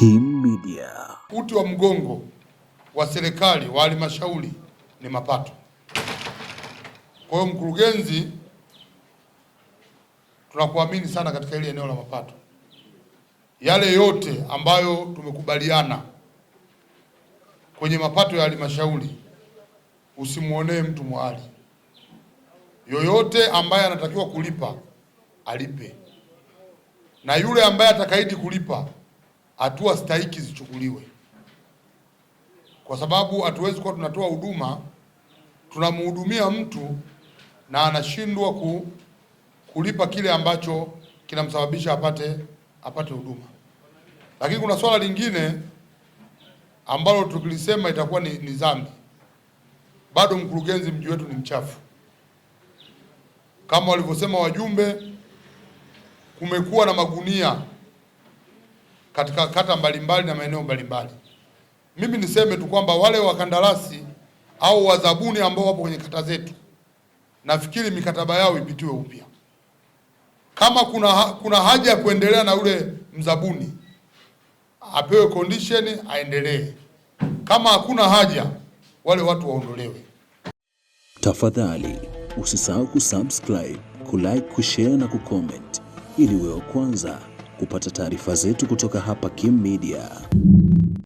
Kim Media. Uti wa mgongo wa serikali wa halmashauri ni mapato. Kwa hiyo mkurugenzi, tunakuamini sana katika ile eneo la mapato, yale yote ambayo tumekubaliana kwenye mapato ya halmashauri, usimwonee mtu mwali yoyote. Ambaye anatakiwa kulipa alipe, na yule ambaye atakaidi kulipa hatua stahiki zichukuliwe, kwa sababu hatuwezi kuwa tunatoa huduma tunamhudumia mtu na anashindwa ku, kulipa kile ambacho kinamsababisha apate apate huduma. Lakini kuna swala lingine ambalo tukilisema itakuwa ni, ni dhambi. Bado mkurugenzi, mji wetu ni mchafu kama walivyosema wajumbe. Kumekuwa na magunia katika kata mbalimbali na maeneo mbalimbali. Mimi niseme tu kwamba wale wakandarasi au wazabuni ambao wapo kwenye kata zetu, nafikiri mikataba yao ipitiwe upya. Kama kuna, kuna haja ya kuendelea na yule mzabuni apewe condition aendelee. Kama hakuna haja wale watu waondolewe. Tafadhali usisahau kusubscribe, kulike, kushare na kucomment ili wewe kwanza kupata taarifa zetu kutoka hapa Kim Media.